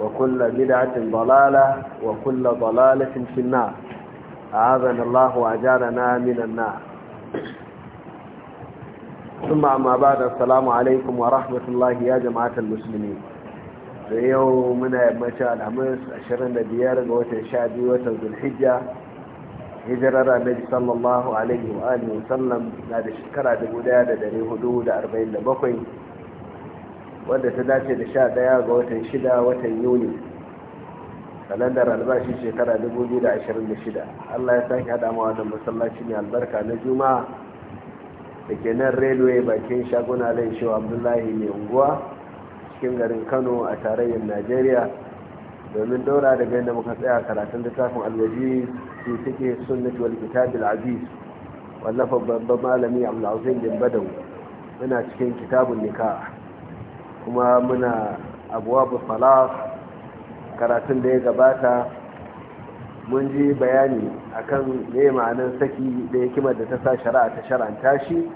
wa kulla bid'atin dalala wa kulla dalalatin finna a'adana jana na minan nar kuma amma ba da salamu alaikum wa rahmatullahi ya jama'atul musulmi. da yau muna yammacin alhamis 25 ga watan 12 watan zulhijja hijirar annabi sallallahu alaihi wa alihi wasallam na da shekara 1447 Wanda ta dace da sha daya ga watan shida watan yuni kalandar albashi shekara 2026 allah ya sake hada mawa da masallaci mai albarka na juma'a da ke nan railway bakin shaguna lai shewa abdullahi mai unguwa cikin garin kano a tarayyar najeriya domin daura da da muka tsaya karatun littafin alwaji su take sunnat wal al aziz wallafa babban malami abdul azim bin badawi muna cikin kitabun nikah kuma muna abuwa salat karatun da ya gabata mun ji bayani akan ne ma'anin saki da hikimar da ta sa shari'a ta shara'anta shi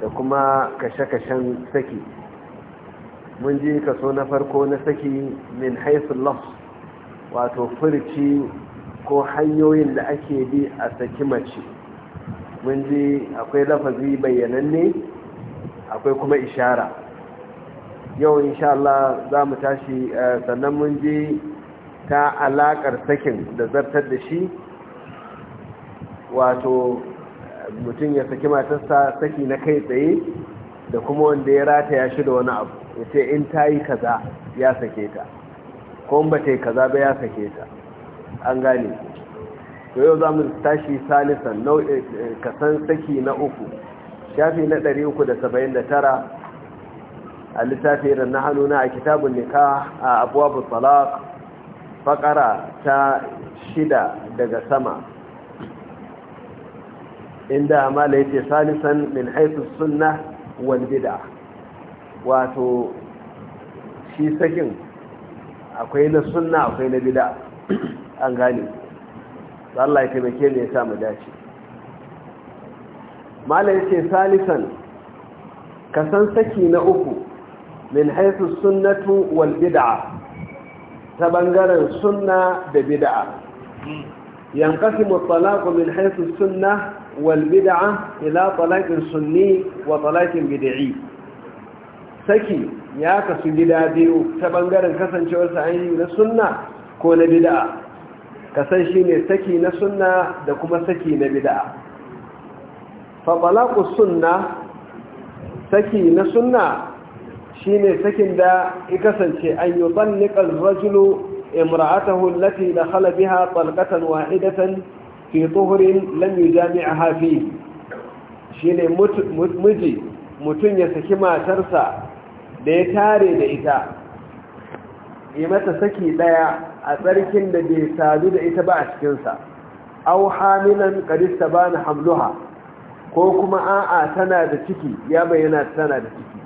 da kuma kashe-kashen saki mun ji kaso na farko na saki min haifin lafs wato furci ko hanyoyin da ake bi a saki mace mun ji akwai lafazi bayyananne akwai kuma ishara yau insha Allah za mu tashi eh, sannan mun ji ta alaƙar sakin da zartar da shi wato mutum ya saki matarsa saki na kai tsaye da kuma wanda ya rataya shi da wani abu ya ce in ta yi kaza ya sake ta ko ba ta yi kaza ba ya sake ta an gane to yau za mu tashi salisan eh, kasan saki na uku shafi na 379 a littafi irin na hannuna a kitabun nika a abuwa talaq fakara ta shida daga sama inda mala yake salisan min haisu sunna wal bid'a wato shi sakin akwai na sunna akwai na bid'a an gane Allah ya taimake ne ya sa mu dace mala yake salisan kasan saki na uku min haisu sunnatu wal bid'a ta bangaren sunna da bid'a yanqasimu talaqu min haisu sunna wal bid'a ila talaqin sunni wa talaqin bid'i saki ya kasu gida biyu ta bangaren kasancewar an yi na sunna ko na bid'a kasan shine saki na sunna da kuma saki na bid'a fa talaqu sunna saki na sunna shine sakin da ya kasance an yi tsallikar rajulu imra'atahu lati da halabiha tsalkatan wa'idatan fi tsohurin lam jami'a hafi shine miji mutum ya saki matarsa da ya tare da ita yi mata saki daya a tsarkin da bai sadu da ita ba a cikinsa au hamilan kadista ba hamluha ko kuma a'a tana da ciki ya bayyana tana da ciki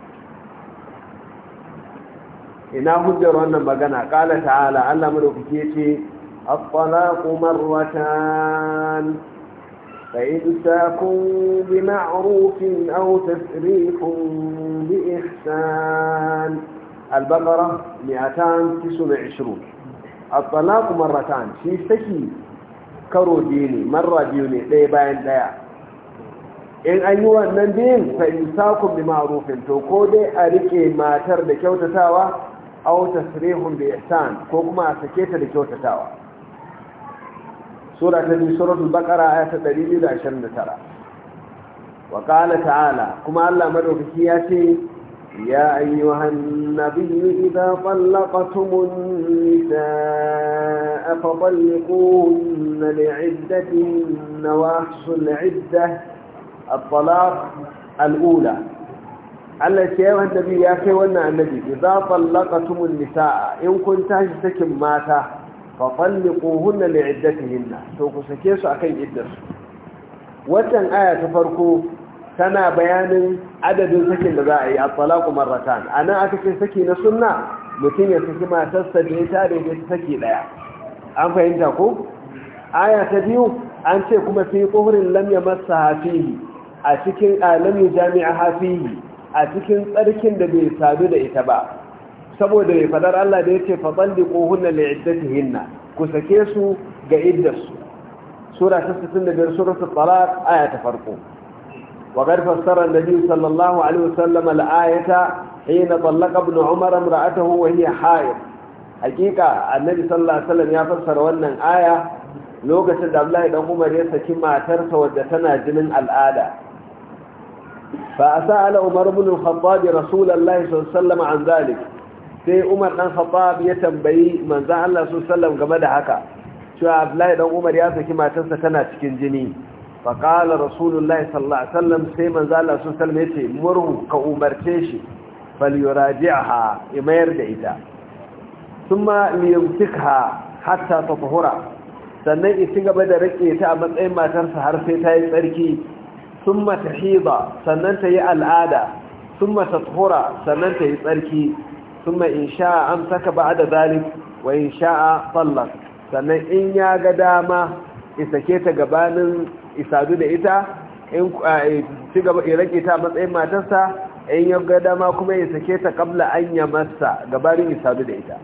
ina hujjar wannan magana kala ta'ala Allah madaukake yace at-talaqu marratan fa idsakum bi ma'rufin aw tasrihun bi ihsan al-baqara 229 at-talaqu marratan shi saki karo biyu ne marra biyu ne ɗaya bayan ɗaya in an yi wannan biyun fa imsakun bi ma'rufin to ko dai a rike matar da kyautatawa او تسريح باحسان كوكما سكيت لكوتا تاوى سورة تبي سورة البقرة آية تدريب إذا نترى وقال تعالى كما ألا مروا في يا أيها النبي إذا طلقتم النساء فطلقوهن لعدتهن وأحصوا العدة الطلاق الأولى Allah ce yawan nabi ya kai wannan annabi idza tallaqatumun nisaa in kun tashi sakin mata fa talliquhunna li'iddatihinna to ku sake su akan iddarsu wannan aya ta farko tana bayanin adadin sakin da za a yi a talaku marratan a nan aka ce saki na sunna mutum ya saki matarsa da ya tare da saki daya an fahimta ko aya ta biyu an ce kuma fi kuhurin lam ya masa hafihi a cikin alami jami'a hafihi a cikin tsarkin da bai sadu da ita ba saboda mai fadar Allah da ya ce faɗalli ƙohunan li'iddatihinna ku sake su ga iddarsu sura ta 65 sura ta talaq aya ta farko wa qad fassara an-nabi sallallahu alaihi wasallam al-ayata hina talaqa ibn umar imra'atahu wa hiya haid hakika annabi sallallahu alaihi wasallam ya fassara wannan aya lokacin da Abdullahi dan Umar ya saki matarsa wadda tana jinin al'ada فأسأل عمر بن الخطاب رسول الله صلى الله عليه وسلم عن ذلك sai Umar dan Khattab ya tambayi manzon Allah sallallahu alaihi wasallam game da haka cewa Abdullahi dan Umar ya saki matarsa tana cikin jini fa qala Rasulullahi sallallahu alaihi wasallam sai manzon Allah sallallahu alaihi wasallam yace murhu ka umarce shi falyuraji'ha ya mayar da ita thumma liyumsikha hatta tatahura sannan ya ci gaba da rike ta a matsayin matarsa har sai ta yi tsarki sun mata hiba sannan ta yi al'ada sun mata tuhura sannan ta yi tsarki sun ma in sha'a amsaka ba zalik wa in sha'a tsallak sannan in ya ga dama isake ta gabanin isadu da ita in ci gaba iraki ta matsayin matarsa in ya ga dama kuma ya sake ta kabla an ya masa gabanin isadu da ita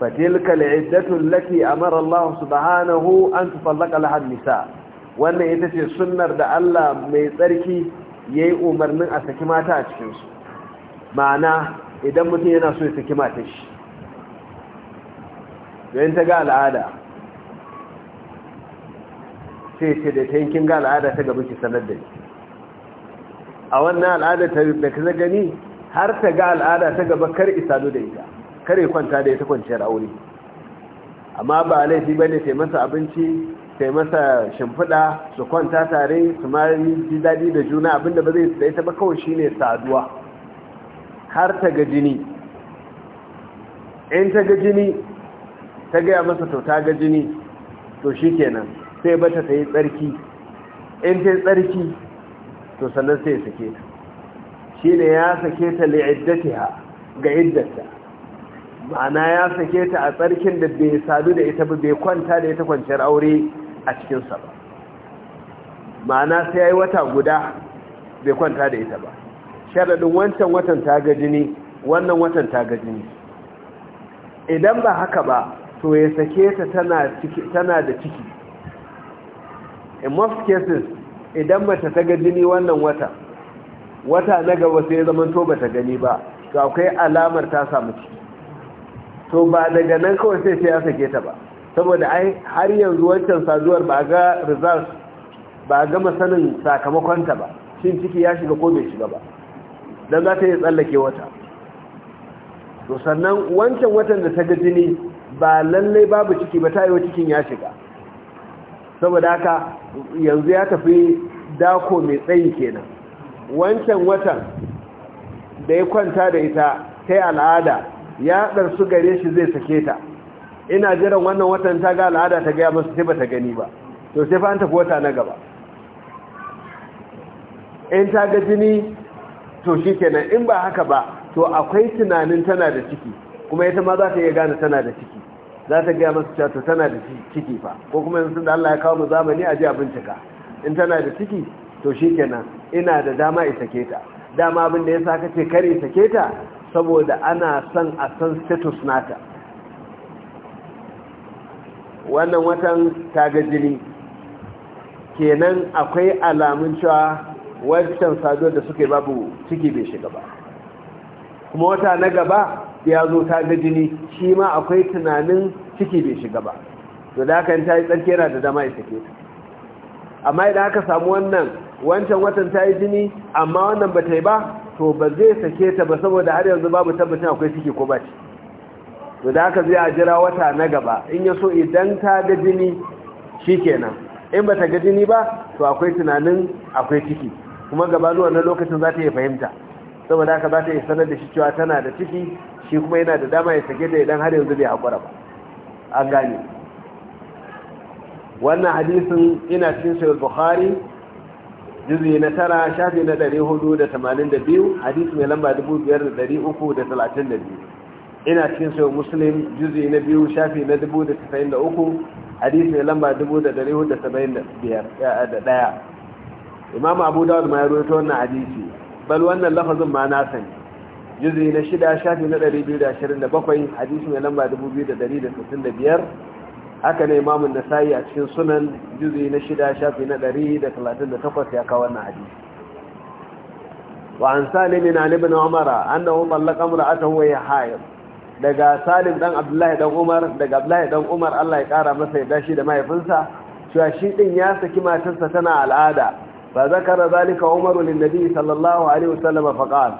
fatilka al'iddatu allati amara Allah subhanahu an tufallaka laha nisa wannan ita ce sunnar da Allah mai tsarki ya yi umarnin a saki mata a cikinsu ma'ana idan mutum yana so ya saki mata shi yayin ta ga al'ada sai ce da ta yankin ga al'ada ta gaba ki sanar da ni a wannan al'ada ta da ka gani har ta ga al'ada ta gaba kar isanu da ita kar ya kwanta da ita kwanciyar aure amma ba laifi bane sai masa abinci sai masa shimfiɗa su kwanta tare su ma ji daɗi da juna abinda ba zai su da ita ba kawai shine saduwa har ta ga jini in ta ga jini ta gaya masa to ta ga jini to shi kenan sai bata ta yi tsarki in ta yi tsarki to sannan sai sake ta shi ne ya sake ta ha ga iddata ma'ana ya sake ta a tsarkin da bai sadu da ita ba bai kwanta da ita kwanciyar aure a cikinsa ba ma'ana sai ya yi wata guda bai kwanta da ita ba sharadin wancan watan ta ga jini wannan watan ta ga jini idan ba haka ba to ya sake ta tana da ciki in most cases idan mace ta ga jini wannan wata wata na gaba sai zaman to ba ta gani ba to akwai alamar ta samu ciki to ba daga nan kawai sai ya sake ta ba saboda ai har yanzu wancan sazuwar ba ga results ba ga masanin sakamakonta ba shin ciki ya shiga ko bai shiga ba don za ta yi tsallake wata to sannan wancan watan da ta ga jini ba lallai babu ciki ba ta yi cikin ya shiga saboda haka yanzu ya tafi dako mai tsayi kenan wancan watan da ya kwanta da ita ta al'ada ya su gare shi zai sake ta ina jiran wannan watan ta ga al'ada ta gaya masu sai ba ta gani ba to sai fa an tafi wata na gaba in ta ga jini to shi kenan in ba haka ba to akwai tunanin tana da ciki kuma ita ma za ta iya gane tana da ciki za ta gaya masu cewa to tana da ciki fa ko kuma yanzu da Allah ya kawo mu zamani a ji a bincika in tana da ciki to shi kenan ina da dama in ke ta dama abin da ya sa ka ce kare sake ta saboda ana son a san status nata wannan watan ta jini kenan akwai alamun cewa wancan saduwar da suke babu ciki bai shiga ba kuma wata na gaba ya zo ta jini shi ma akwai tunanin ciki bai shiga ba to da haka ta yi tsarki yana da dama ya sake ta amma idan aka samu wannan wancan watan ta yi jini amma wannan ba ta yi ba to ba zai sake ta ba saboda har yanzu babu tabbatin akwai ciki ko ba ciki to da aka zai a jira wata na gaba in ya so idan ta ga jini shi kenan, in ba ta ga jini ba to akwai tunanin akwai ciki kuma gaba zuwa na lokacin za ta iya fahimta saboda aka za ta iya sanar da shi cewa tana da ciki shi kuma yana da dama ya sake da idan har yanzu bai haƙura ba an gane wannan hadisin ina cikin sayar bukhari juzi na tara shafi na 482 hadisi mai lamba 5332 ina cikin sayo muslim juzi na biyu shafi na 1093 hadisi mai lamba 1471 imam abu dawud ma ya rawaito wannan hadisi bal wannan lafazin ma na sani juzi na shida shafi na 227 hadisi mai lamba 2165 haka ne imamun nasa'i a cikin sunan juzi na shida shafi na 138 ya kawo wannan hadisi وعن سالم عن ابن عمر أنه طلق امرأته وهي حائض daga salim dan abdullahi dan umar daga abdullahi dan umar allah ya kara masa yadda shi da mahaifinsa cewa shi din ya saki matarsa tana al'ada fa zakara zalika umar lin nabi sallallahu alaihi wasallam fa qala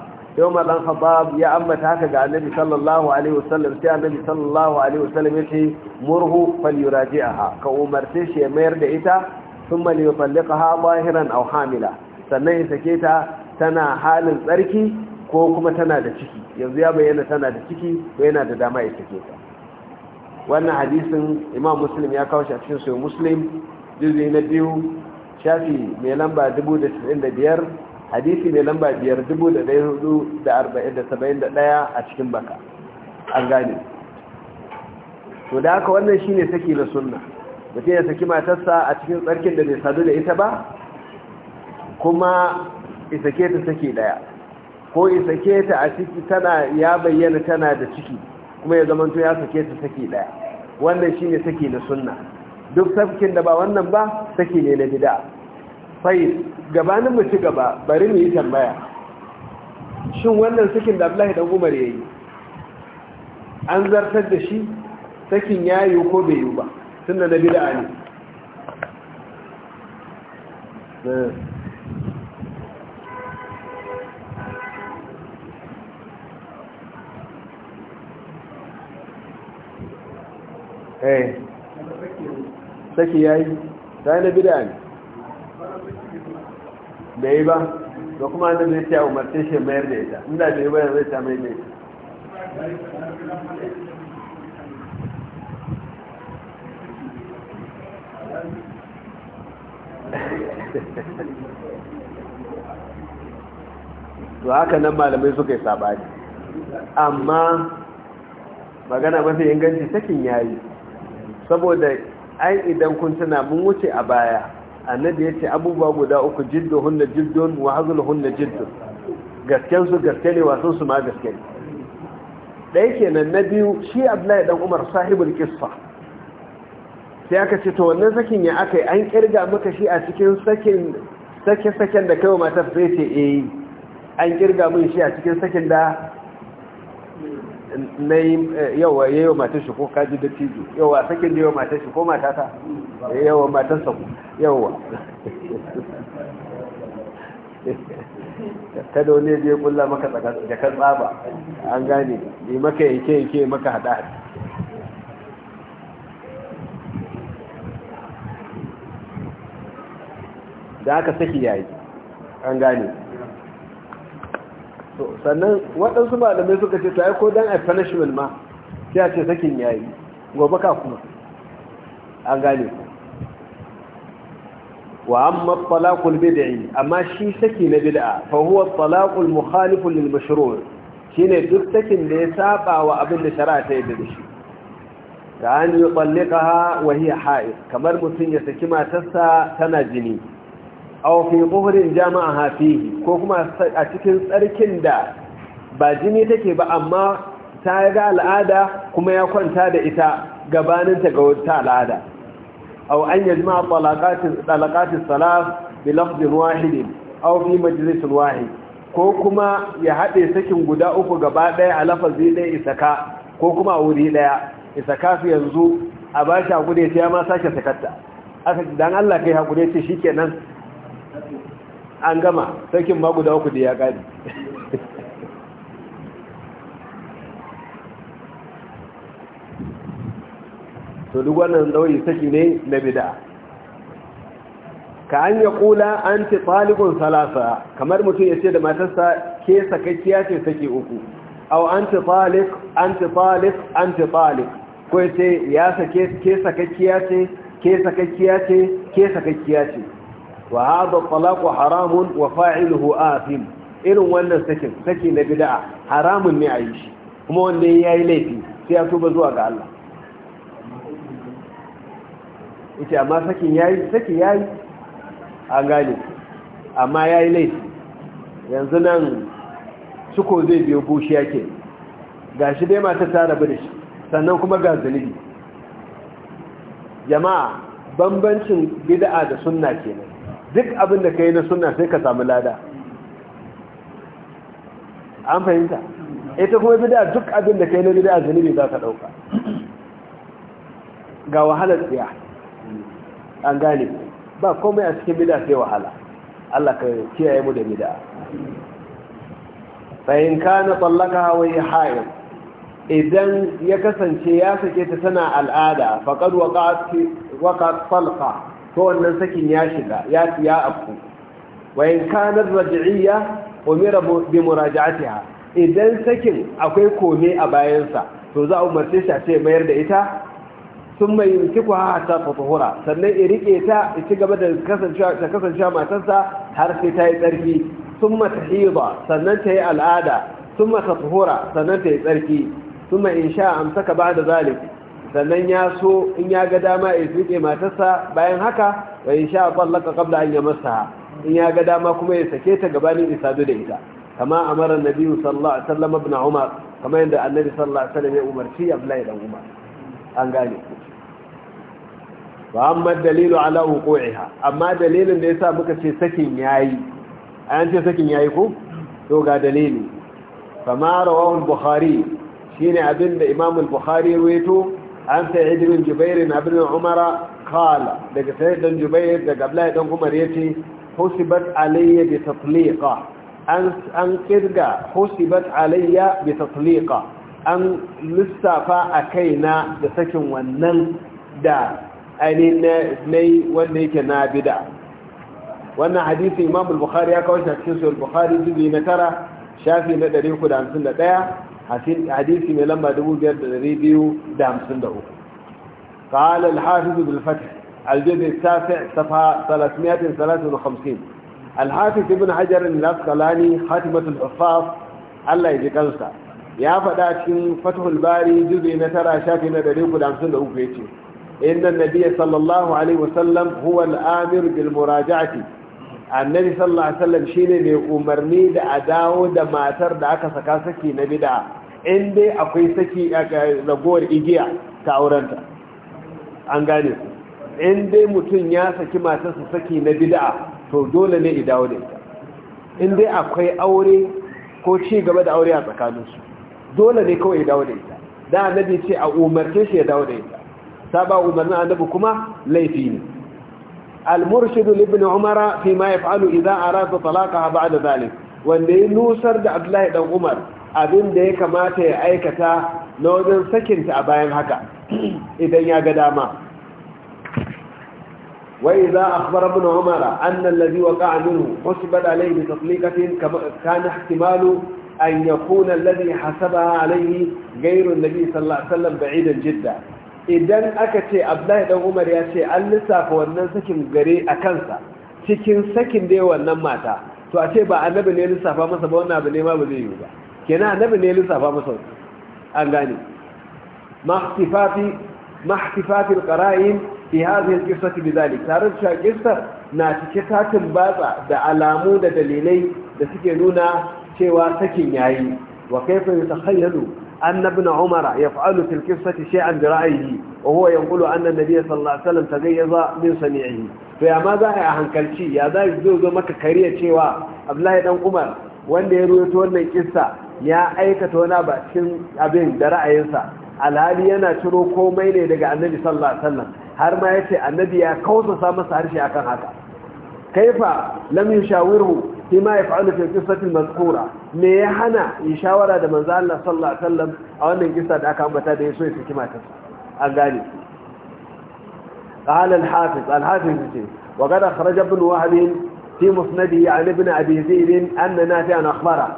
umar dan khattab ya ambata haka ga annabi sallallahu alaihi wasallam sai annabi sallallahu alaihi wasallam yace murhu falyuraji'aha ka sai shi ya mayar da ita thumma liyutallaqaha zahiran aw hamila sannan ya sake ta tana halin tsarki ko kuma tana da ciki yanzu ya bayyana tana da ciki ko yana da dama ya take ta wannan hadisin imam muslim ya kawo shi a cikin sayo muslim juzi na biyu shafi mai lamba 1095 hadisi mai lamba 5471 a cikin baka an gane to da haka wannan shine saki na sunna mutum ya saki matarsa a cikin tsarkin da bai sadu da ita ba kuma isake ta saki daya ko ya sake ta a ciki tana ya bayyana tana da ciki kuma ya zamanto ya sake ta saki daya wannan shine saki na sunna duk sakin da ba wannan ba saki ne na gida fai gabanin mu ci gaba bari mu yi tambaya shin wannan sakin da Abdullahi dan Umar yayi an zartar da shi sakin yayi ko bai yi ba sunna na bid'a ne eh. eh saki yayi sai na bid'a ne da ba da kuma annabi ya ce a umarce shi mayar da ita inda da yi ba zai ta mai mai to haka nan malamai suka yi sabani amma magana mafi inganci sakin yayi saboda ai idan kun tana mun wuce a baya annabi ya ce abubuwa guda uku jidduhunna jiddun wa hazluhunna jiddun gasken su gaske ne wasan su ma gaske ne ɗaya kenan na biyu shi abdullahi dan umar sahibul qissa sai aka ce to wannan sakin ya akai an kirga maka shi a cikin sakin sake saken da kai matar sai ce eh an kirga mun shi a cikin sakin da na yi eh, yawa yawa matan shi ko kaji da tijo yawa sakin da yawa matan shi ko matata eh, yawa matan sa yawa kada wani zai kulla maka jakar tsaba an gane yi maka yanke yanke maka hada hada da aka saki yayi an gane sannan waɗansu malamai suka ce ta yi ko don a punishment ma sai a ce sakin yayi gobe ka kuma an gane ku wa amma matsalakul bida'i amma shi saki na bid'a fa huwa talaqul mukhalif lil mashru' shine duk sakin da ya saba wa abin da shari'a ta yi da shi ka an yi tsallika wa hiya ha'id kamar mutum ya saki matarsa tana jini aw fi jama'a fihi ko kuma a cikin tsarkin da ba jini take ba amma ta ga al'ada kuma ya kwanta da ita gabanin ta ga wata al'ada aw an yajma talaqatis talaqatis salat bi lafdin wahid aw fi majlis wahid ko kuma ya haɗe sakin guda uku gaba daya a lafazi ɗaya isaka ko kuma a wuri ɗaya isaka su yanzu a ba shi ya ma sake sakatta. dan Allah kai haƙure ce shi kenan an gama sakin ma guda uku da ya kadi to duk wannan dauri saki ne na bid'a ka an ya kula an ti talibun salasa kamar mutum ya ce da matarsa ke sakakkiya ce saki uku au an ti talib an ti talib an ti talib ko ya ce ya sake ke sakakkiya ce ke sakakkiya ce ke sakakkiya ce wa hada talaqu haramun wa fa'iluhu athim irin wannan sakin saki na bid'a haramun ne a yi shi kuma wanda yayi laifi sai ya tuba zuwa ga Allah ita amma sakin yayi saki yayi an gane amma yayi laifi yanzu nan suko zai biyo bushi yake gashi dai mata ta rabu da shi sannan kuma ga zunubi jama'a bambancin bid'a da sunna kenan duk abin da ka yi na suna sai ka samu lada an fahimta ita kuma bida duk abin da ka yi na bida zunubi za ka ɗauka ga wahalar tsiya an gane ba komai a cikin bida sai wahala Allah ka kiyaye mu da bida bayan ka na tsallaka ya hayan idan ya kasance ya sake ta tana al'ada faƙar waƙa falka to wannan sakin ya shiga ya tiya afku wa in kana raj'iyya umira bi muraja'atiha idan sakin akwai kome a bayan sa to za a umarce shi a ce mayar da ita sun mai ku ha ta fatuhura sannan i rike ta i ci gaba da kasancewa matarsa har sai ta yi tsarki sun mata hiba sannan ta yi al'ada sun mata tuhura sannan ta yi tsarki sun mai in sha amsaka ba da zalif sannan ya so in ya ga dama ya tuke matarsa bayan haka wa in sha tsallaka qabla an masa in ya ga dama kuma ya sake ta gabanin isadu da ita kama amara nabi sallallahu alaihi wasallam ibn umar kama yadda annabi sallallahu alaihi wasallam ya umarci abdullahi dan umar an gane wa amma dalilu ala wuqu'iha amma dalilin da yasa muka ce sakin yayi an ce sakin yayi ko to ga dalili kama rawahu al-bukhari shine abinda imam al-bukhari ya rawaito an sa'id bin jubair na bin umara qala daga sa'id bin jubair daga abdullahi dan umar yace husibat alayya bi tatliqa an an kirga husibat alayya bi tatliqa an lissafa a da sakin wannan da ainihin nai wanda yake na bida wannan hadisi imam al-bukhari ya kawo shi a cikin sahih al-bukhari juzu na tara shafi na 351 hadisi mai lamba 2,253 ƙalal hafizu bilfati aljibin safi safa 353 alhafizu bin hajjarin laskalani hatimatul ufaf allah ya ji kansa ya faɗa cikin fatahul bari jibi na tara shafi na 353 ya ce inda nabiya sallallahu alaihi wasallam huwa al'amir bilmuraja'ati annabi sallallahu alaihi wasallam shine mai umarni da a dawo da matar da aka saka saki na bid'a in dai akwai saki ragowar igiya ta aurenta an gane ku in dai mutum ya saki matar sa saki na bid'a to dole ne i dawo da ita in dai akwai aure ko ci gaba da aure a tsakaninsu dole ne kawai i dawo da ita da annabi ce a umarce shi ya dawo da ita Sabawa umarnin annabi kuma laifi ne المرشد لابن عمر فيما يفعل إذا أراد طلاقها بعد ذلك wanda ya nusar da abdullahi dan umar abinda ya kamata ya aikata na wajen sakinta a bayan haka idan ya ga dama wai za a khabar ibn umar annan ladhi waqa'a minhu usibat alayhi bi tatliqatin kana ihtimalu an yakuna alladhi hasaba alayhi ghayru an-nabi sallallahu alaihi wasallam ba'idan jidda idan aka ce abdullahi dan umar ya ce an lissafa wannan sakin gare a kansa cikin sakin da wannan mata to a ce ba annabi ne lissafa masa ba wannan abu ne ma ba zai yi ba kenan annabi ne lissafa masa an gane mahtifati mahtifati alqara'in fi hadhihi alqissati bidhalik tarin cewa qissa na cike tatin batsa da alamu da dalilai da suke nuna cewa sakin yayi wa kaifa yatakhayalu أن ابن عمر يفعل في القصة شيئا برأيه وهو يقول أن النبي صلى الله عليه وسلم تغيظ من سميعه فيا ماذا يا هنكلشي يا ذا يزوز مكة كريه شيوا أبلاه دم عمر wanda ya ruwaito wannan kissa ya aikata wani bakin abin da ra'ayinsa alhali yana ciro komai ne daga annabi sallallahu har ma yace annabi ya kausa masa harshe akan haka kaifa lam yushawiru bima yaf'alu fi qissati al me ya hana yi shawara da manzo Allah sallallahu alaihi wasallam a wannan kisa da aka ambata da yaso ya saki matar an gane قال الحافظ الحافظ وقد أخرج ابن وهب في مسنده عن ابن أبي ذئب أن نافعا أخبره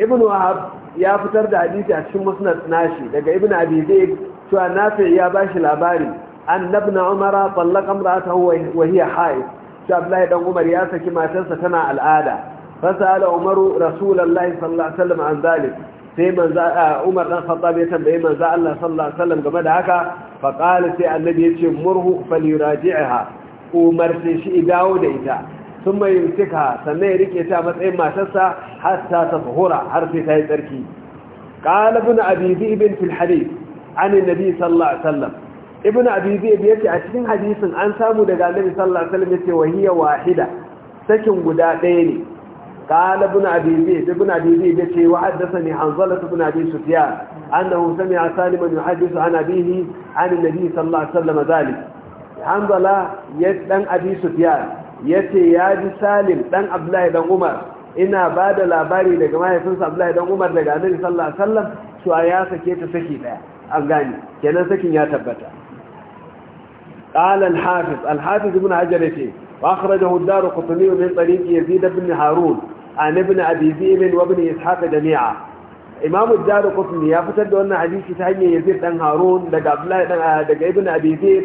ابن وهب ya fitar da hadisi a cikin musnad nashi daga ibn abi zaid cewa nafi ya bashi labari annabna umara tallaqa imra'atahu wa hiya haid cewa abdullahi dan umar ya saki matarsa tana al'ada فسأل عمر رسول الله صلى الله عليه وسلم عن ذلك sai manza Umar dan Khattab ya tambaye manza Allah sallallahu alaihi wasallam game da haka fa qala sai annabi yace murhu falyuraji'ha Umar sai shi dawo da ita sun mai yumsika sannan ya rike ta matsayin matarsa hatta ta fahura har sai ta yi tsarki qala ibn abi dhib fil hadith an annabi sallallahu alaihi wasallam ibn abi dhib yace a cikin hadisin an samu daga annabi sallallahu alaihi wasallam yace wahiya wahida sakin guda ɗaya ne قال ابن أبي زيد ابن أبي زيد يتي وحدثني حنظلة ابن أبي سفيان أنه سمع سالما يحدث عن أبيه عن النبي صلى الله عليه وسلم ذلك حنظلة يتن أبي سفيان يتي يادي سالم تن أبلا إذا أمر إنا بعد لا باري لكما يفنس أبلا إذا أمر لك صلى الله عليه وسلم شو آياسة كيت سكي لها أغاني كنا سكي تبتا. قال الحافظ الحافظ ابن عجلتي وأخرجه الدار قطني من طريق يزيد بن هارون an ibn abi zi'min wa ibn ishaq jami'a imam ad-darqutni ya fitar da wannan hadisi ta hanyar yazid dan harun daga abdullahi dan daga ibn abi zib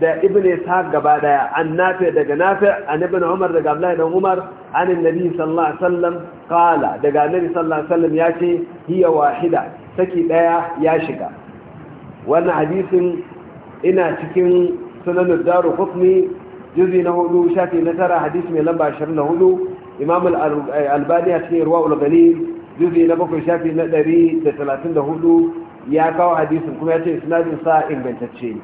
da ibn ishaq gaba daya an nafi daga nafi an ibn umar daga abdullahi dan umar an annabi sallallahu alaihi wasallam qala daga annabi sallallahu alaihi wasallam yace hiya wahida saki daya ya shiga wannan hadisin ina cikin sunan ad-darqutni juzi na hudu shafi na tara hadisi mai lamba 24 imam albani a cikin ruwa ulgani juzi na bakwai shafi na ɗari da talatin da hudu ya kawo hadisin kuma ya ce isnadin sa ingantacce ne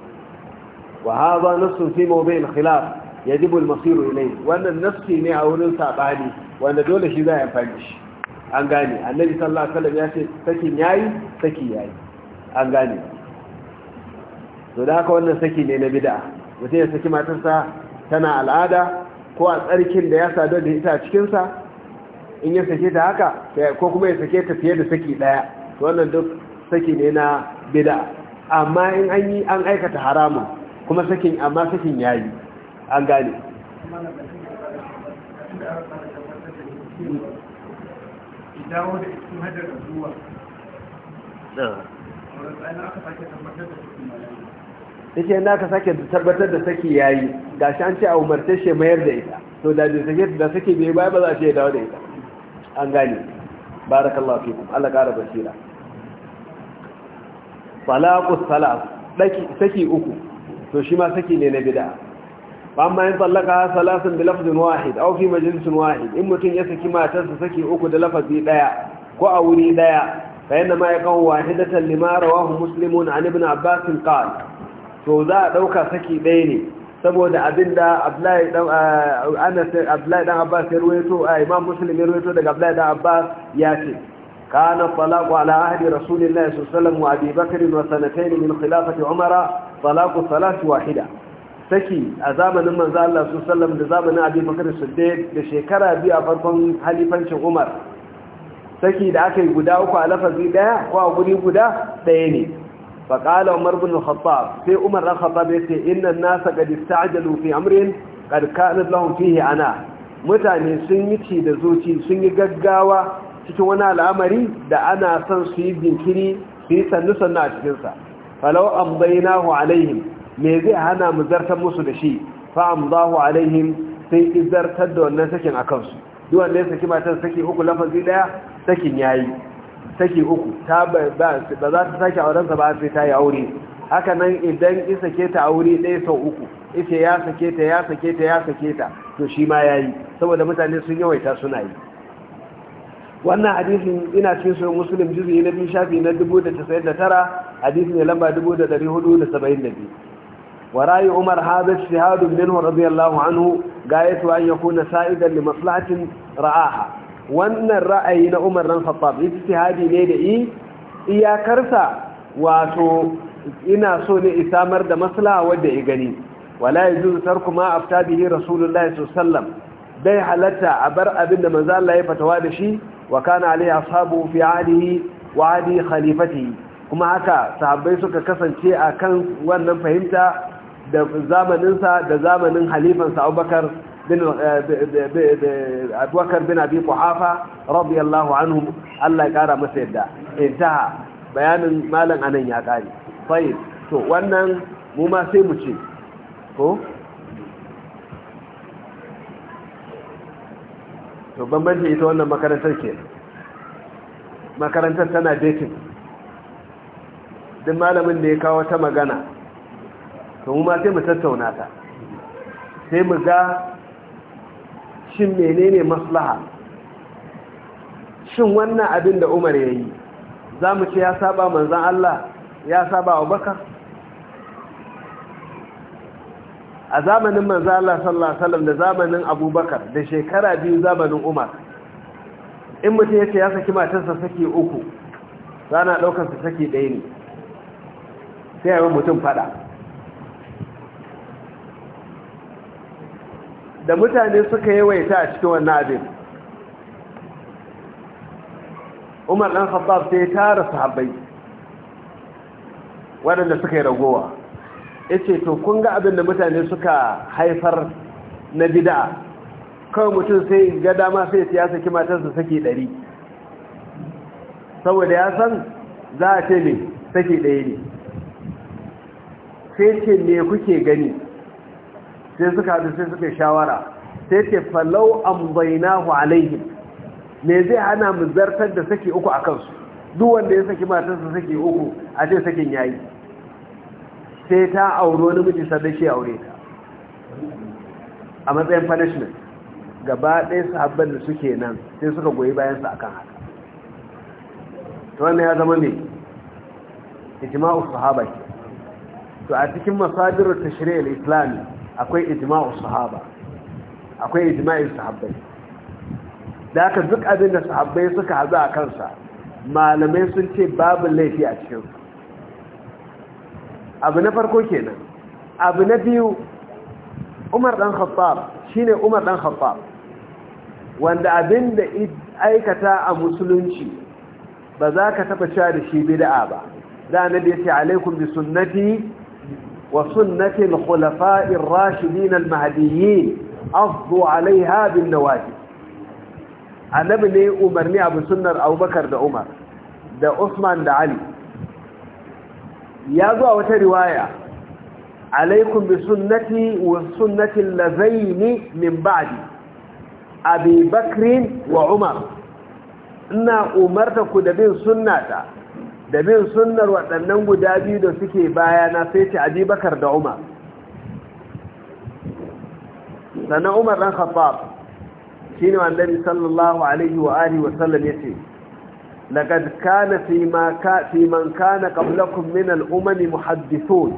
wa haza nassun fi mawdu'il khilaf yajibu al-masir ilayhi wannan nassi ne a wurin sabani wanda dole shi za a amfani shi an gane annabi sallallahu alaihi wasallam ya ce sakin yayi saki yayi an gane to da haka wannan saki ne na bid'a mutum ya saki matarsa tana al'ada ko a tsarkin da ya sadu da ita cikinsa in ya sake ta haka ko kuma ya sake ta fiye da saki ɗaya wannan duk saki ne na bida amma in an yi an aikata haramun kuma sakin amma sakin ya yi an gane da yace na ka sake tabbatar da saki yayi gashi an ce a umarce shi mayar da ita to da bai sake da sake bai bai ba za shi ya dawo da ita an gane barakallahu fikum Allah kara basira talaqus salas daki saki uku to shi ma saki ne na bid'a amma in talaka salasan bi lafzin wahid aw fi majlisin wahid in mutun ya saki matarsa saki uku da lafazi daya ko a wuri daya fa inna ma yaqaw wahidatan lima rawahu muslimun an ibn abbas qala to za a ɗauka saki ɗaya ne saboda abin da abdullahi dan abbas ya ruwaito a imam muslim ya ruwaito daga abdullahi dan abbas ya ce kana talaqu ala ahdi rasulillahi sallallahu alaihi wa abi wa sanatayn min khilafati umara talaqu thalath wahida saki a zamanin manzo Allah sallallahu da zamanin Abi Bakar Siddiq da shekara biyu a farkon halifancin Umar saki da aka yi guda uku a lafazi daya ko a guri guda daya ne فقال عمر بن الخطاب في عمر بن الخطاب يقول إن الناس قد استعجلوا في أمر قد كانت لهم mutane sun yi ci da zuci sun yi gaggawa cikin wani al'amari da ana son su yi jinkiri su yi sannu a cikinsa falau amzainahu alaihim me zai hana mu zartar musu da shi fa amzahu alaihim sai izartar da wannan sakin a kansu duk wanda ya saki matar saki uku lafazi ɗaya, sakin yayi take uku ta ba za ta sake aurensa ba sai ta yi aure haka nan idan isa ke ta aure ɗaya sau uku ita ya sake ta ya sake ta ya sake ta to shi ma ya yi saboda mutane sun yawaita suna yi wannan hadisin ina cikin sahih muslim juz'i na biyu shafi na 1999 hadisin ya lamba 1472 Umar عمر هذا اجتهاد منه رضي Anhu, عنه an yakuna sa'idan li maslahatin ra'aha wannan ra'ayi na umar dan khattab ijtihadi ne da yi iyakarsa wato ina so ne isamar da maslaha wanda ya gani wala yajuzu tarku ma afta bihi rasulullahi sallallahu bai halatta a bar abin da manzo Allah ya fatawa da shi wa kana alai ashabu fi adihi wa adi khalifatihi kuma haka sahabbai suka kasance a kan wannan fahimta da sa da zamanin halifansa Abubakar abubakar bin abi kuhafa yallahu anhu Allah ya kara masa yadda intaha bayanin malam anan ya kare fai to wannan mu ma sai mu ce ko to banbancin ita wannan makarantar ke makarantar tana dating duk malamin da ya kawo ta magana to mu ma sai mu tattauna ta sai mu ga shin menene maslaha shin wannan abin da umar ya yi za mu ce ya saba manzan Allah ya saba wa baka a zamanin manzan Allah sallallahu Alaihi wasallam da zamanin abubakar da shekara biyu zamanin umar in mutum ya ce ya saki matarsa saki uku rana ɗaukarsa saki ɗaya ne sai yawan mutum fada da mutane suka yawaita a cikin wannan abin umar ɗan khattab sai ya tara sahabbai waɗanda suka yi ragowa ya ce to kun ga abin da mutane suka haifar na gida kawai mutum sai ga dama sai ya saki matarsa saki ɗari saboda ya san za a ce ne saki ɗaya ne sai ce me kuke gani sai suka haɗu sai suka shawara sai ce falau hu alaihim me zai hana mu zartar da saki uku a kansu duk wanda ya saki matarsa saki uku a ce sakin yayi sai ta auro namiji sadai shi aure ta a matsayin punishment gaba ɗaya sahabban da suke nan sai suka goyi bayansa akan haka To wannan ya zama mai ijma'u sahaba ke to a cikin masadirul tashri'il islami akwai ijma'u sahaba akwai ijma'in sahabbai da aka duk abin da sahabbai suka haɗu a kansa malamai sun ce babu laifi a cikin abu na farko kenan abu na biyu umar dan khattab shine umar dan khattab wanda abin da aikata a musulunci ba za ka taɓa cewa da shi bid'a ba da nabi ya ce alaikum bi sunnati وسنة الخلفاء الراشدين المهديين أفضوا عليها بالنواجد أنا بني أمرني أبو سنة أو بكر ده أمر ده أثمان ده علي يأذو أوتى رواية عليكم بسنتي وسنة اللذين من بعد أبي بكر وعمر إنا أمرتك دبين سنة da bin sunnar waɗannan guda biyu da suke na sai ce abubakar da umar sannan umar ɗan khafaf shi ne wanda sallallahu alaihi wa ari wa sallam ya ce لقد kana فيما كا في من كان قبلكم من الأمم محدثون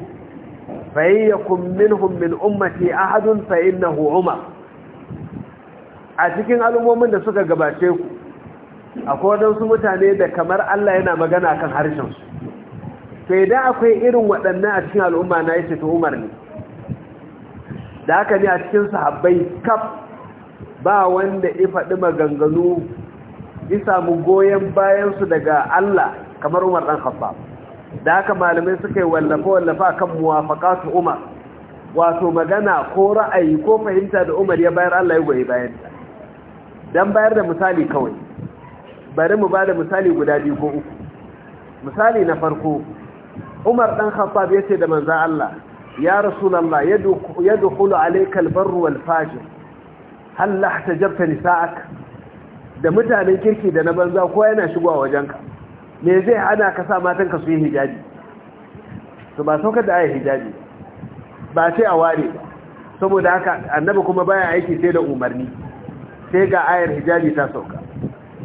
فإن يكن منهم من أمتي a cikin al'ummomin da suka gabace ku akwai wadansu mutane da kamar Allah yana magana kan harshensu sai da akwai irin waɗannan a cikin al'umma na yace to Umar ne da haka ne a cikin sahabbai kaf ba wanda ya faɗi maganganu ya samu goyon bayansu daga Allah kamar Umar ɗan Khattab da haka malamai suka yi wallafa-wallafa kan muwafaqatu Umar wato magana ko ra'ayi ko fahimta da Umar ya bayar Allah ya goyi bayanta dan bayar da misali kawai bari mu bada misali guda biyu ko uku misali na farko Umar dan Khattab yace da manzo Allah ya rasulullah yadkhulu alayka albar wal fajir hal lahtajabta nisa'ak da mutanen kirki da na banza ko yana shigowa wajenka me zai ana ka sa matanka su yi hijabi to ba saukar da ayi hijabi ba sai a ware ba saboda haka annabi kuma baya aiki sai da umarni sai ga ayar hijabi ta sauka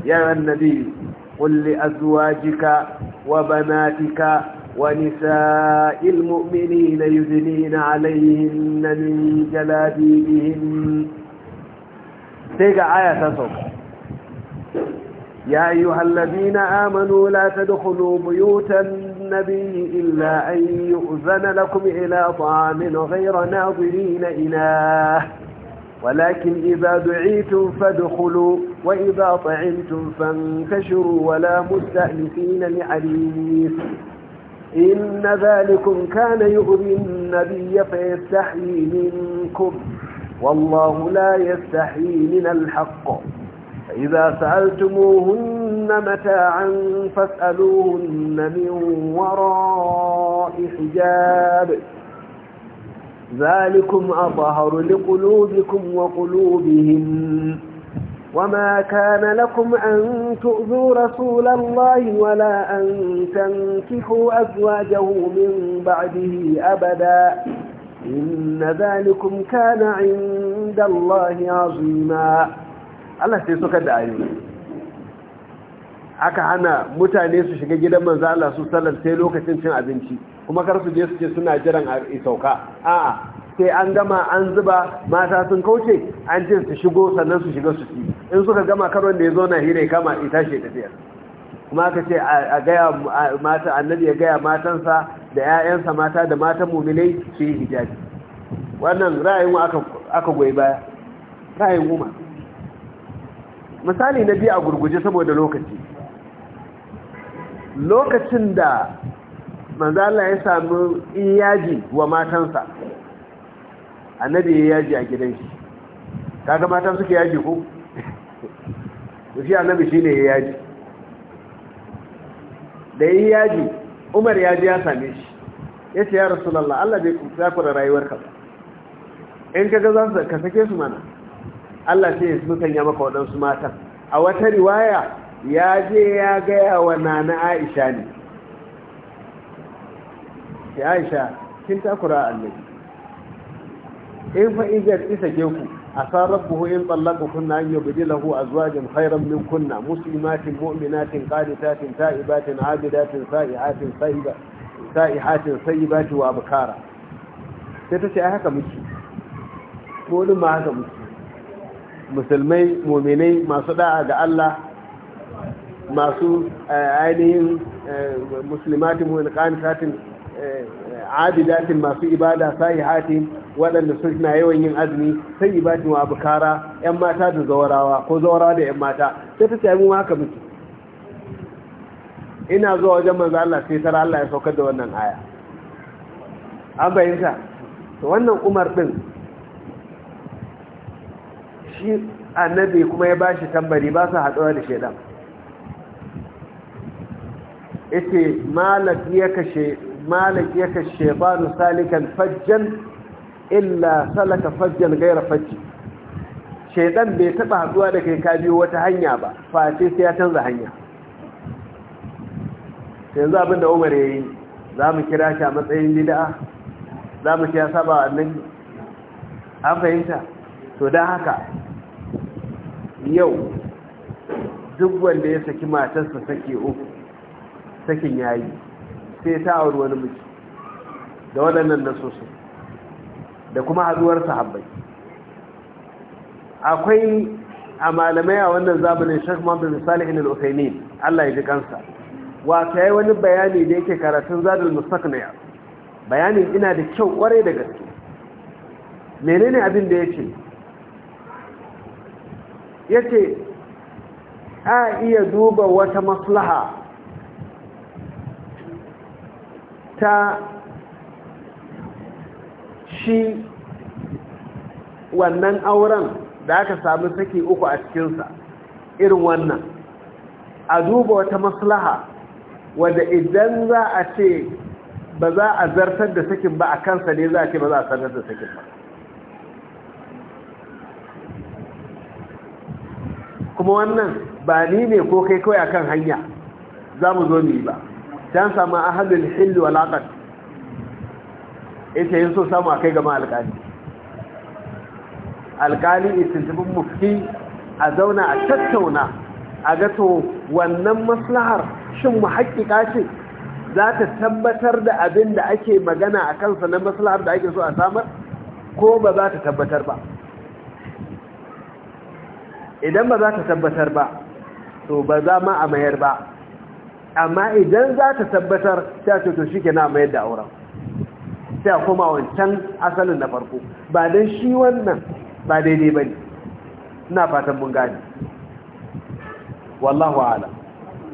يا النبي قل لأزواجك وبناتك ونساء المؤمنين يذنين عليهن من جلابيبهن تيجا آية تصف يا أيها الذين آمنوا لا تدخلوا بيوت النبي إلا أن يؤذن لكم إلى طعام غير ناظرين إله ولكن إذا دعيتم فادخلوا وإذا طعمتم فانتشروا ولا مستأنسين لعليم إن ذلكم كان يؤذي النبي فيستحيي منكم والله لا يستحيي من الحق فإذا سألتموهن متاعا فاسألوهن من وراء حجاب ذلكم أطهر لقلوبكم وقلوبهم وما كان لكم أن تؤذوا رسول الله ولا أن تنكحوا أزواجه من بعده أبدا إن ذلكم كان عند الله عظيما Allah sai suka da ayu aka hana mutane su shiga gidan manzo Allah su sallar sai lokacin cin abinci kuma kar su je su ce suna jiran a sauka a'a sai an gama an zuba mata sun kauce an ce su shigo sannan su shiga su ci in suka gama karon da ya zo na hire kama ita ce tafiya kuma aka ce a gaya mata annabi ya gaya matansa da 'ya'yansa mata da matan mumine su yi hijabi wannan ra'ayin aka goyi baya ra'ayin umar misali na biyu a gurguje saboda lokaci lokacin da manzo Allah ya samu iyaji wa matansa annabi ya yaji a gidan shi kaga matan suke yaji ko shi annabi shine ya yaji da ya yaji Umar ya ji ya same shi ya ce ya Rasulullah Allah bai kusa rayuwar ka. in kaga zan ka sake su mana Allah sai ya sanya maka waɗansu matan a wata riwaya ya je ya gaya wa nana Aisha ne ya aisha kin takura annabi in fa ijar isa ke ku asa rabbuhu in tsallaka kunna an yubdilahu azwajin khairan min kunna muslimatin mu'minatin qanitatin ta'ibatin abidatin sa'ihatin sa'iba sa'ihatin sayyibati wa abkara sai ta ce ai haka muke ko din ma haka muke musulmai mu'minai masu da'a ga Allah masu eh, ainihin eh, musulmatin mu'minatin abidatin masu ibada sahihatin waɗanda suna yawan yin azumi sai ibatin wa bukara yan mata da zawarawa ko zawarawa da yan mata sai ta sami mu haka miki. ina zuwa wajen manzo Allah sai tara Allah ya saukar da wannan aya an bayyana to wannan Umar din shi annabi kuma ya bashi tambari ba sa haɗuwa da shedan yace malak ya kashe. malak yaka shebanu salikan fajjan illa salaka fajjan gaira fajji shaidan bai taɓa haɗuwa da kai biyu wata hanya ba face sai ya canza hanya yanzu abin da umar ya yi za mu kira shi a matsayin bid'a za mu kira saba annabi an fahimta to don haka yau duk wanda ya saki matarsa sake uku sakin yayi sai ta auri wani miji da waɗannan nasosin da kuma haduwar sahabbai akwai a malamai a wannan zamanin Sheikh Muhammad misali Al-Uthaymeen Allah ya ji kansa wato yi wani bayani da yake karatun Zadul Mustaqniya bayanin ina da kyau kwarai da gaske menene abin da yake yace a iya duba wata maslaha ta shi wannan auren da aka sami saki uku a cikinsa irin wannan a duba wata maslaha wadda idan za a ce ba za a zartar da sakin ba a kansa ne za a ce ba za a sanar da sakin ba kuma wannan ba ni ne ko kai kawai akan hanya za mu zo mu ba can samu ahalul hill wal ita yin so samu akai gama alƙali alƙali itintibin mufti a zauna a tattauna a ga to wannan maslahar shin mu haƙiƙa ce za ta tabbatar da abin da ake magana a kansa na maslahar da ake so a samar ko ba za ta tabbatar ba idan ba za ta tabbatar ba to ba za ma a mayar ba amma idan za ta tabbatar ta ce to shi ke na mayar da auren sai kuma wancan asalin na farko ba don shi wannan ba daidai ba ne na fatan mun gani wallahu ala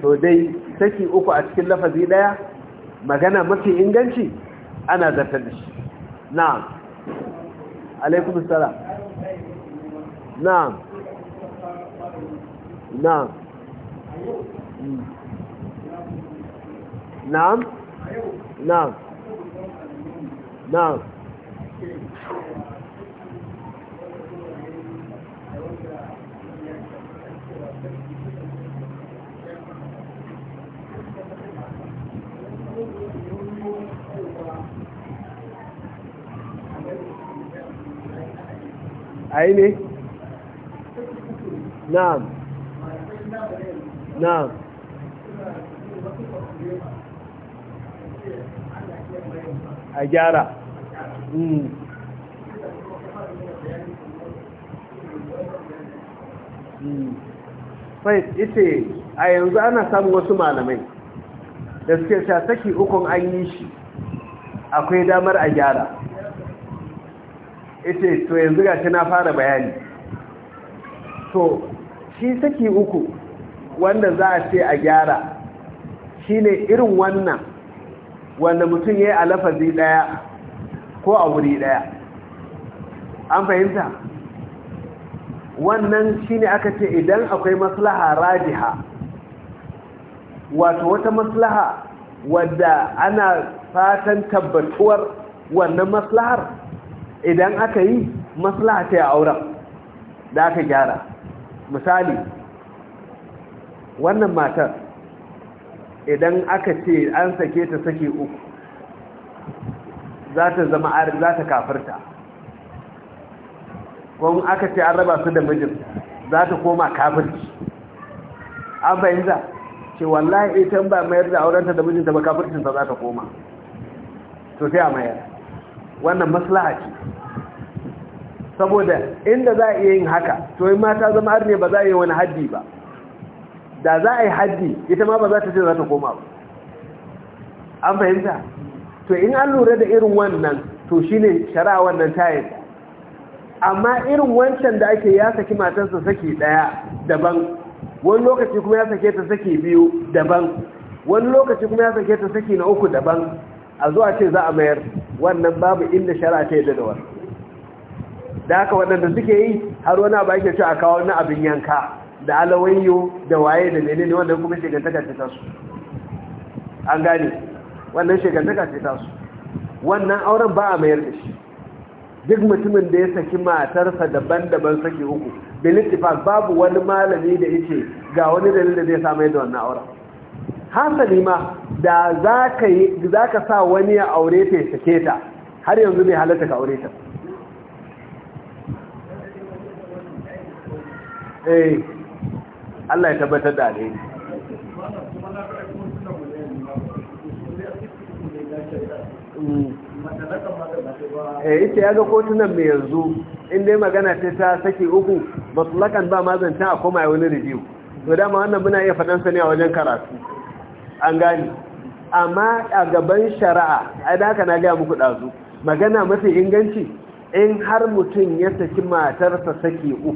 to dai saki uku a cikin lafazi daya magana mafi inganci ana zartar da shi na'am alaikum salam na'am na'am hmm. na'am na'am na'am ayi ne na'am na'am a gyara sai hmm. hmm. ita a yanzu ana samun wasu malamai da suke sha saki ukun an yi shi akwai damar a gyara ita to yanzu ga shi na fara bayani to shi saki uku wanda za a ce a gyara shi ne irin wannan wanda mutum ya yi a lafazi ɗaya ko a wuri ɗaya an fahimta wannan shine aka ce idan akwai maslaha rajiha wato wata maslaha wadda ana fatan tabbatuwar wannan maslahar idan aka yi maslaha ta auren da aka gyara misali wannan matar idan aka ce an sake ta sake uku za ta zama za ta kafarta kuma aka ce an raba su da mijin za ta koma kafirci an fahimta ce wallahi ita ba mayar da aurenta da mijinta ba kafircinta za ta koma to sai a mayar wannan maslaha ce saboda inda za a iya yin haka to in mata zama har ne ba za a yi wani haddi ba da za a yi haddi ita ma ba za ta ce za ta koma ba an fahimta to in an lura da irin wannan to shi ne shari'a wannan ta yi amma irin wancan da ake ya saki matansa saki daya daban wani lokaci kuma ya sake ta saki biyu daban wani lokaci kuma ya sake ta saki na uku daban a zuwa ce za a mayar wannan babu inda shari'a ta yadda da wani da aka waɗanda suke yi har wani abu ake cewa a kawo na abin yanka da alawayyo da waye da ne wanda kuma shekantaka ce tasu an gane wannan shekantaka ce tasu wannan auren ba a mayar da shi duk mutumin da ya saki matarsa daban-daban saki uku bilittifak babu wani malami da yake ga wani dalil da zai samu yadda wannan auren hasali ma da za ka sa wani ya aure ta ya sake ta har yanzu mai halatta ka aure ta eh. Allah ya tabbatar da alheri hmm. eh ita ya ga kotunan mai yanzu in dai magana ta ta sake uku ba su lakan ba mazanta a koma wani rijiyu to dama wannan muna iya faɗansa ne a wajen karatu an gani amma a gaban shari'a ai da na gaya muku ɗazu magana mafi inganci in har mutum ya saki matarsa sake uku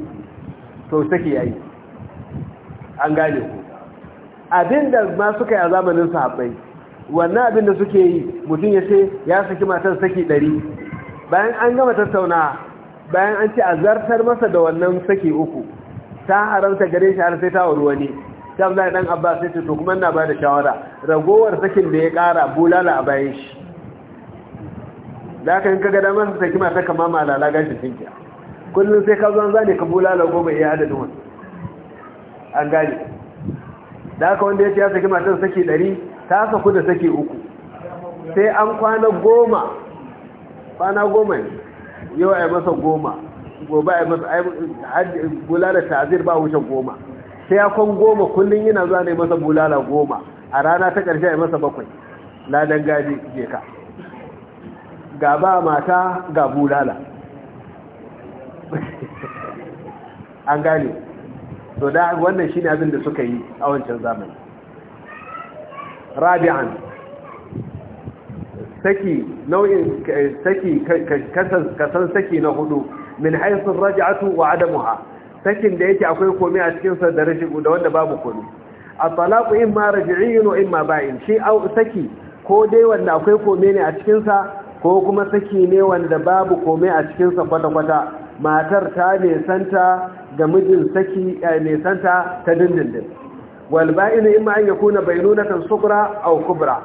to sake yi an gane ku abinda ma suka yi a zamanin sahabbai wannan abinda suke yi mutum ya ce ya saki matar saki ɗari bayan an gama tattauna bayan an ce a zartar masa da wannan saki uku ta haramta gare shi har sai ta wuri wani ta zai dan abba sai ce to kuma na ba da shawara ragowar sakin da ya ƙara bulala a bayan shi da aka yin kaga damar masa saki mata kama malala gashi tinkiya kullum sai ka an zane ka bulala goma iya adadin wani an gane da aka wanda ya ce ya saki matan saki dari ta saku da saki uku sai an kwana goma kwana goma ne yau a yi masa goma gobe a yi masa bulala tazir ba wuce goma sai ya kwan goma kullum yana zuwa ne masa bulala goma a rana ta ƙarshe a yi masa bakwai ladan gaji je ka ga ba mata ga bulala an gane to da wannan shine abin da suka yi a wancan zamani rabi'an saki nau'in saki kasan saki na hudu min haythu raj'atu wa adamuha sakin da yake akwai komai a cikin sa da rashin da wanda babu komai at-talaqu imma raj'iyyun wa imma ba'in shi au saki ko dai wanda akwai komai ne a cikin sa ko kuma saki ne wanda babu komai a cikin sa kwata-kwata matar ta ne santa ga mijin saki eh, mai santa ta dindindin walba in ma an ya kuna bainunatan sukura au kubra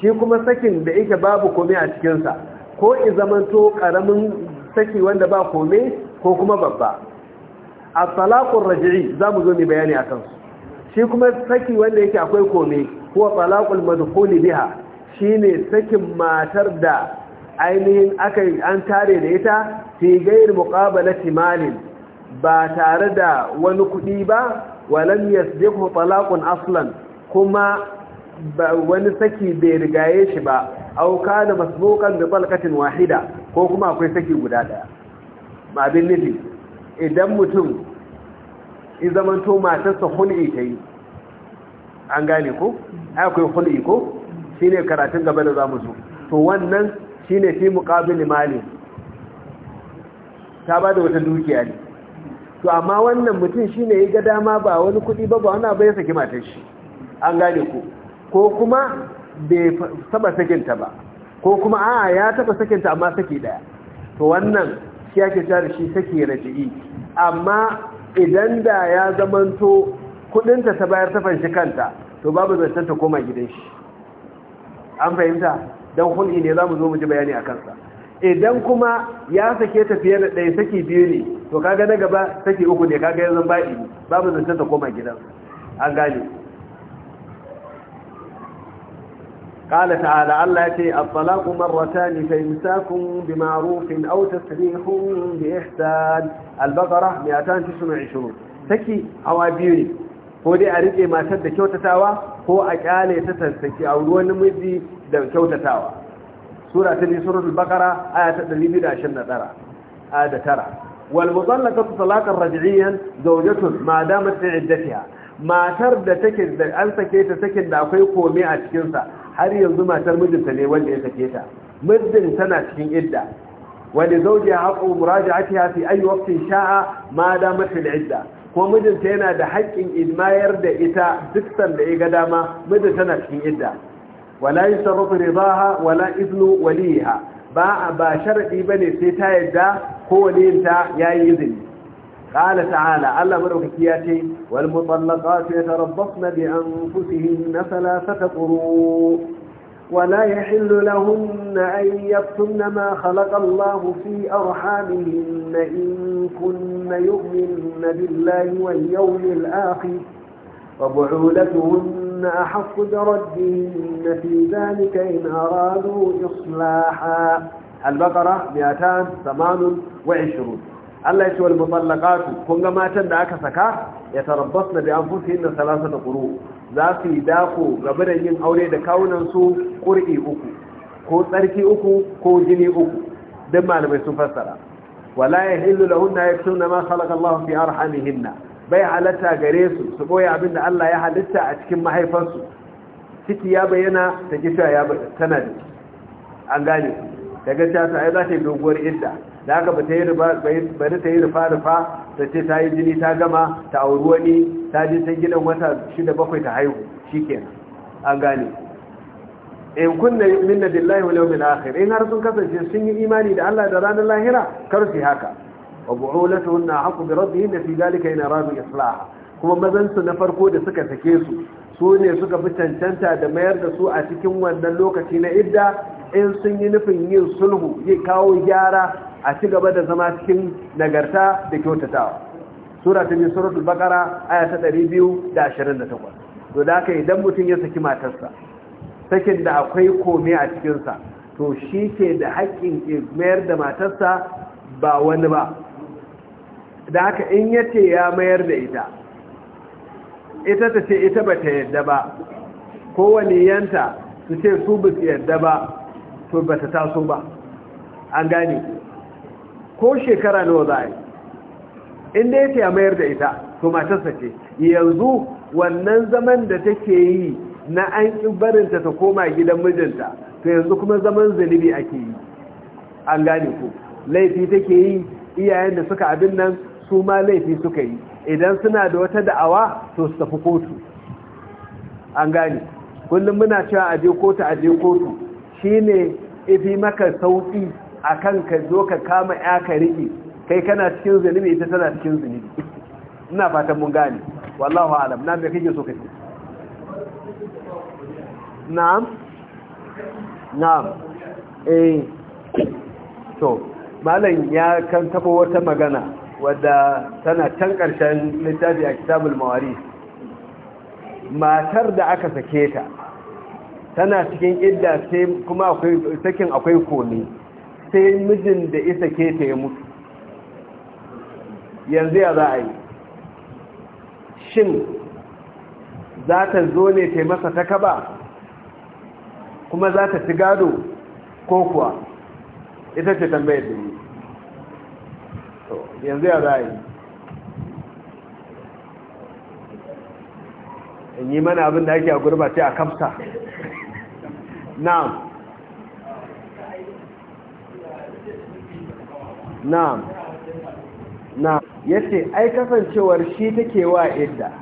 shi kuma sakin da yake babu kome a cikinsa ko in zamanto karamin saki wanda ba kome ko kuma babba a talakun raji'i za mu zo ni bayani a kansu shi kuma saki wanda yake akwai kome ko talakun madhuli biha shine sakin matar da ainihin aka an tare da ita fi gairi muqabalati malin ba tare da wani kuɗi ba walam yasbiqu talaqun aslan kuma wani saki bai rigaye shi ba auka da masbuqan bi talqatin wahida ko kuma akwai saki guda daya Ba abin nufi idan mutum in zaman zamanto matarsa hul'i tayi an gane ko akwai hul'i ko shine karatun gaba da zamu zo to wannan shine fi muqabil mali ta bada wata dukiya ne to amma wannan mutum shi ne ya ga dama ba wani kuɗi ba ba wani abu ya saki matar shi an gane ku ko kuma bai saba sakinta ba ko kuma a'a ya taba sakinta amma saki daya to wannan shi ake tare shi saki raji'i amma idan da ya zamanto kudinta ta bayar ta fanshi kanta to babu zancen ta koma gidan shi an fahimta don hulɗi ne za mu zo mu ji bayani a kansa idan kuma ya sake ta da ɗaya saki biyu ne to kaga na gaba saki uku ne kaga yanzu ba mu zance ta koma gidan an gane قال marratan fa يتي الطلاق مرتان فإمساك بمعروف أو تسريح بإحسان البقرة 229 awa biyu ne, ko dai a rike matar da kyautatawa ko a kyale ta sassaki a wani miji da kyautatawa sura ta biyu suratul baqara aya ta 229 aya da tara wal mutallaqatu talaqan raj'iyan zawjatun ma damat fi iddatiha matar da take da an sake ta sakin da akwai kome a cikin sa har yanzu matar mijinta ne wanda ya sake ta mijin tana cikin idda wanda zawjiha haqqu muraja'atiha fi ayi waqtin sha'a ma damat fi idda ko mijinta yana da haƙƙin idmayar da ita duk sanda ya ga dama mijin tana cikin idda ولا يشترط رضاها ولا إذن وليها با ba sharadi bane sai ta yadda ko waliyinta قال تعالى ألا كياتي والمطلقات يتربصن بأنفسهن ثلاثة قروء ولا يحل لهن أن يكتمن ما خلق الله في أرحامهن إن كن يؤمن بالله واليوم الآخر وبعولتهن أحق بردهن في ذلك إن أرادوا إصلاحا البقرة 228 Allah ya ce wal kun ga matan da aka saka ya tarabbasna bi anfusihinna thalathata quru za su yi dako gaba da yin aure da kawunan su qur'i uku ko tsarki uku ko jini uku dan malamai sun fassara wala yahillu lahunna yaktuna ma khalaqa Allah fi arhamihinna bai halatta gare su su boye abin da Allah ya halitta a cikin mahaifansu ciki ya bayyana ta gisha ya tana da an gane daga ta ta ai za ta yi doguwar idda da haka ba ta yi bari ta yi rufa rufa ta ce ta yi jini ta gama ta auri wani ta je ta gidan wata shida bakwai ta haihu shikenan an gane in kunna minna billahi wal yawmil akhir in har sun kasance sun yi imani da Allah da ranar lahira kar su haka وبعولتهن bu'ulatuhunna بردهن في ذلك fi dhalika in islaha kuma mazan su na farko da suka sake su su ne suka fi cancanta da mayar da su a cikin wannan lokaci na idda in sun yi nufin yin sulhu ya kawo gyara a ci gaba da zama cikin nagarta da kyautatawa sura ta biyu suratul baqara aya ta 228 to da haka idan mutum ya saki matarsa sakin da akwai kome a cikinsa to shi ke da haƙƙin mayar da matarsa ba wani ba da haka in ya ce ya mayar da ita ita ta ce ita ba ta yadda ba kowane yanta su ce su ba su yadda ba to ba ta taso ba an gane ko shekara nawa za a yi da ya ce ya mayar da ita to matarsa ce yanzu wannan zaman da take yi na an barinta ta koma gidan mijinta to yanzu kuma zaman zunubi ake yi an gane ku laifi take yi iyayen da suka abin nan su ma laifi suka yi idan suna da wata da'awa to su tafi kotu an gane kullum muna cewa a je kotu a je kotu shine ifi maka sauki akan ka zo ka kama ya ka riƙe kai kana cikin zunubi ita tana cikin zunubi ina fatan mun gane wallahu alam na me kake so ka ce na'am na'am eh to malam ya kan tabo wata magana wadda tana can ƙarshen littafi a kitabul mawari matar da aka sake ta tana cikin idda sai kuma akwai sakin akwai komi sai mijin da isa ke ta ya mutu yanzu ya za a yi shin za ta zo ne ta masa ta kaba kuma za ta ci gado ko kuwa ita ce tambayar da yi yanzu ya za a yi in yi mana abin da ake a gurba sai a kamsa na'am na'am na'am ya ce ai kasancewar shi take wa idda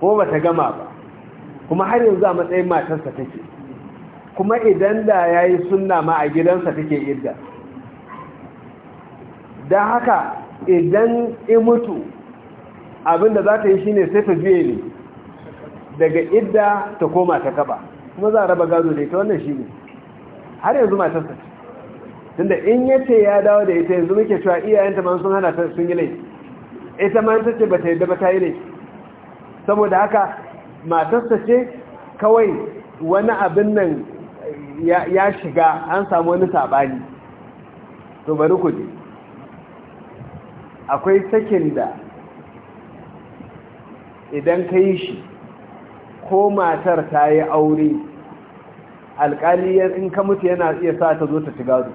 ko ba ta gama ba kuma har yanzu a matsayin matarsa take kuma idan da ya yi sunna ma a gidansa take idda don haka idan in mutu abinda za ta yi shi ne sai ta juye ne daga idda ta koma ta kaba kuma za a raba gado da ita wannan shi ne. har yanzu matarsa ce tunda in yace ya dawo da ita yanzu muke cewa iyayenta ma sun hana ta sun yi laifi ita ma ta ce ba ta yadda ba ta yi laifi saboda haka matarsa ce kawai wani abin nan ya shiga an samu wani saɓani to bari ku je akwai sakin da idan ka yi shi ko matar ta yi aure alƙali in ka mutu yana iya sa ta zo ta ci gado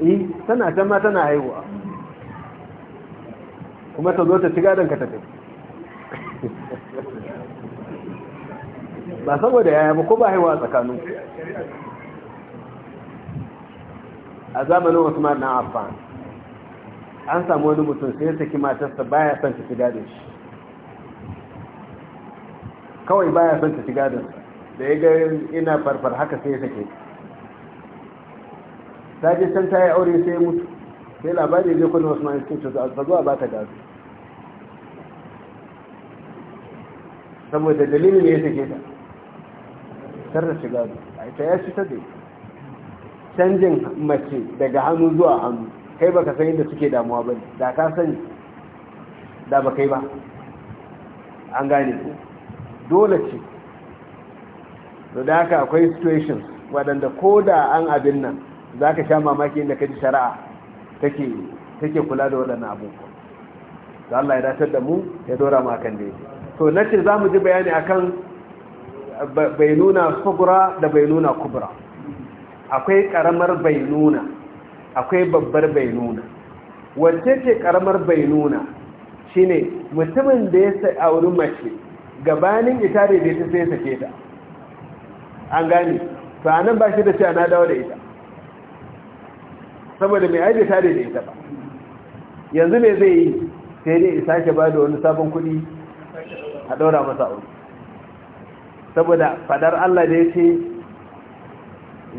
yi eh, tana can ma tana haihuwa kuma ta zo ta ci gadon ka tafi ba saboda yaya ba ko ba haihuwa tsakanin a zamanin Usman na Affan an samu wani mutum sai ya saki matarsa baya son ta shiga da shi kawai baya son ta shiga da da ya ga ina farfar haka sai ya sake ta je can ta yi aure sai mutu sai labari zai kwallo Usman cikin cuta a zuwa ba ta gasu saboda dalilin ne ya sake ta tar da shiga da a ita ya shi ta dai canjin mace daga hannu zuwa hannu kai baka san yadda suke damuwa ba da ka sani da ba kai ba an gane ku dole ce da haka akwai situation waɗanda ko da an abin nan za ka sha mamaki inda ka ji shari'a take kula da waɗannan abubuwa da Allah ya datar da mu ya dora mu akan da to na ce za mu ji bayani akan bai nuna sugura da bai nuna kubra akwai karamar nuna, akwai babbar bai nuna. wacce ce karamar bainuna shine mutumin da ya sai auri mace gabanin ita da ta sai sake ta an gane to nan ba shi da ce na dawo da ita saboda mai aiki ta da ita ba yanzu me zai yi sai dai isa ke ba da wani sabon kudi a ɗaura masa aure saboda fadar Allah da ya ce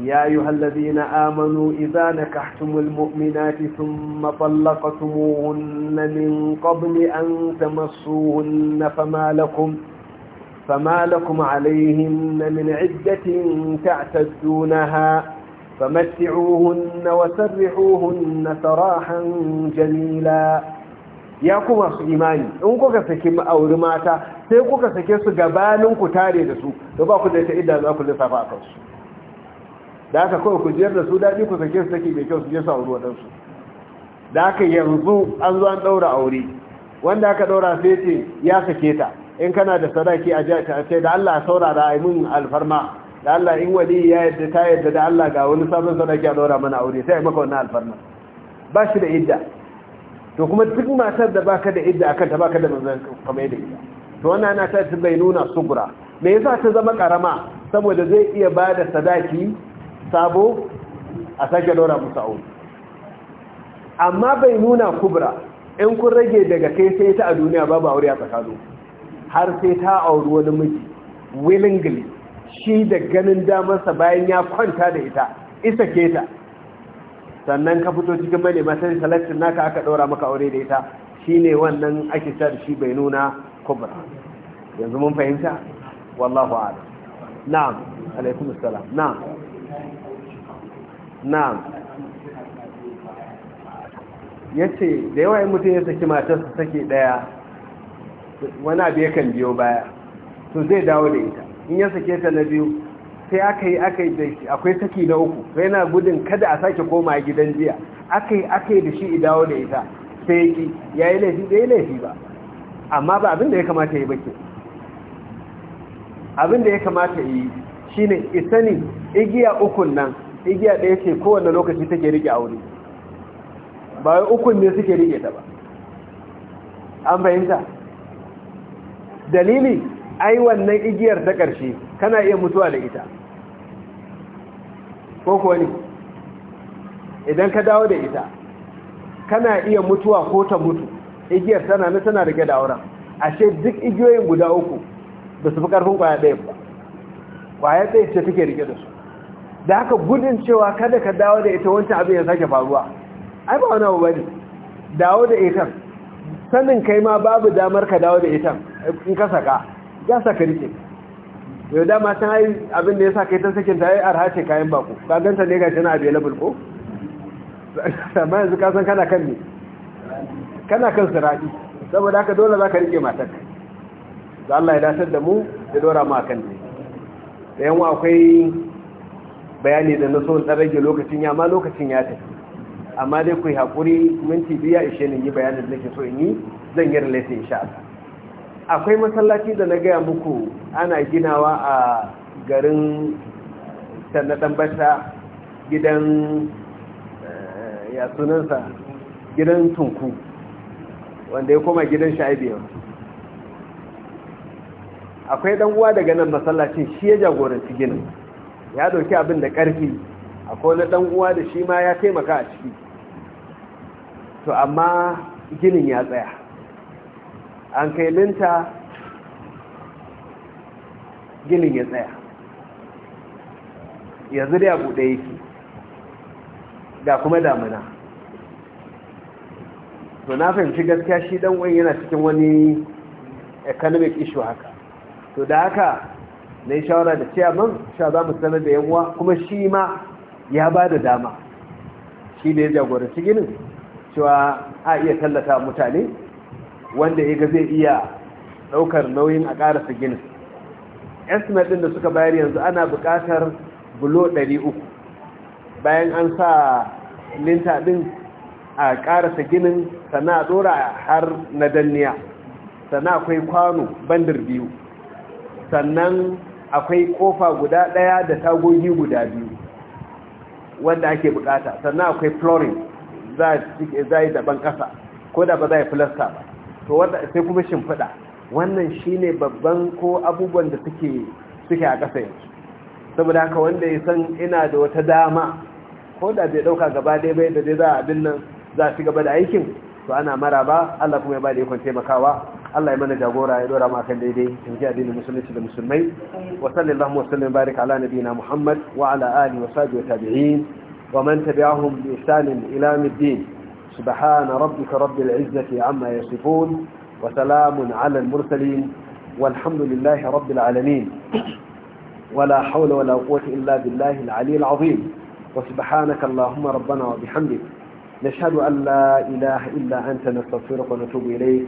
يا أيها الذين آمنوا إذا نكحتم المؤمنات ثم طلقتموهن من قبل أن تمسوهن فما لكم فما لكم عليهن من عدة تعتدونها فمتعوهن وسرحوهن سراحا جميلا يا kuma su ان in kuka او رماتا mata sai kuka sake su gabaninku tare da su da ba da aka kawai ku jiyar da su daɗi ku sake su take mai kyau su je su auri waɗansu da aka yanzu an zuwa an ɗaura aure wanda aka ɗaura sai ce ya sake ta in kana da sadaki a jiya ta ce da Allah saurara a mun alfarma da Allah in wani ya yadda ta yadda da Allah ga wani sabon sadaki a ɗaura mana aure sai a maka wannan alfarma ba shi da idda to kuma duk matar da baka da idda akan ta baka da manzon kamar da idda to wannan ana ta bai nuna sugura me yasa ta zama karama saboda zai iya bada sadaki sabo a sake dora musu aure amma bai nuna kubra in kun rage daga kai sai ta a duniya babu aure a tsakano har sai ta auri wani miji willingly shi da ganin damarsa bayan ya kwanta da ita isa ke ta sannan ka fito cikin bane masar salatin naka aka ɗora maka aure da ita shine wannan ake sa shi bai nuna kubra yanzu mun fahimta wallahu ala, na'am alaikum na'am na'am yace da yawa in mutum ya saki matarsa sake daya wani abu ya kan biyo baya to zai dawo da ita in ya sake ta na biyu sai aka yi aka yi da shi akwai saki na uku sai yana gudun kada a sake koma gidan jiya aka yi aka yi da shi idawo da ita sai ya ki ya yi laifi da ya laifi ba amma ba abin da ya kamata yi ke abin da ya kamata yi shi ne isani igiya ukun nan igiya ɗaya ce kowane lokaci take rike aure ba ukun ne suke rike ta ba an fahimta dalili ai wannan igiyar ta ƙarshe kana iya mutuwa da ita ko kuwa ne idan ka dawo da ita kana iya mutuwa ko ta mutu igiyar tana na tana rike da auren ashe duk igiyoyin guda uku da su fi ƙarfin ƙwaya ɗaya ba ƙwaya ɗaya ce take rike da su da haka gudun cewa kada ka dawo da ita wancan abin ya sake faruwa ai ba wani abu dawo da ita sanin kai ma babu damar ka dawo da ita in ka saka ya saka rike yau dama can ai abin da ya saka ita sakin ta ai arha ce kayan bako ba ganta ne ga tana available ko amma yanzu ka san kana kan ne kana kan sirati saboda haka dole za ka rike matar Za Allah ya dasar da mu da dora mu kan ne yan wa akwai bayani da na so na rage lokacin ya ma lokacin ya tafi amma dai ku yi haƙuri minti biya ishe ni yi bayanin da nake so in yi zan yi in sha Allah akwai masallaci da na gaya muku ana ginawa a garin sannadan bata gidan eh, ya sunansa gidan tunku wanda ya koma gidan sha'ibiyar akwai ɗan uwa daga nan masallacin shi ya jagoranci ginin ya dauki abin da karfi akwai na dan uwa da shi ma ya taimaka a ciki to amma ginin ya tsaya an kai linta ginin ya tsaya yanzu zuri ya buɗe yake ga kuma damuna to na fahimci gaskiya shi dan uwan yana cikin wani economic issue haka to da haka na yi shawara da ciyaman sha za mu sanar da yanwa kuma shi ma ya ba da dama shi da ya jagoranci ginin cewa a iya tallata mutane wanda ya ga zai iya ɗaukar nauyin a ƙarasa ginin estimate ɗin da suka bayar yanzu ana buƙatar bulo 300 bayan an sa linta ɗin a ƙarasa ginin sana a ɗora har na danniya sana akwai kwano bandar biyu sannan akwai kofa guda ɗaya da tagogi guda biyu wanda ake bukata sannan akwai flooring za yi daban ƙasa ko da ba za yi filasta ba to wanda sai kuma shimfiɗa wannan shine babban ko abubuwan da suke suke a ƙasa yanzu saboda haka wanda ya san ina da wata dama ko da zai ɗauka gaba dai bai da dai za a abin nan za a ci gaba da aikin to ana mara ba Allah kuma ya ba da ikon taimakawa Allah ya mana jagora ya dora mu akan daidai in ji addinin musulunci da musulmai wa sallallahu wa sallam barik ala nabiyina Muhammad wa ala alihi wa sahbihi wa tabi'in wa man tabi'ahum bi ihsan ila yawmiddin subhana rabbika rabbil izzati amma yasifun wa salamun ala al mursalin walhamdulillahi rabbil alamin ولا حول ولا قوة إلا بالله العلي العظيم وسبحانك اللهم ربنا وبحمدك نشهد أن لا إله إلا أنت نستغفرك ونتوب إليك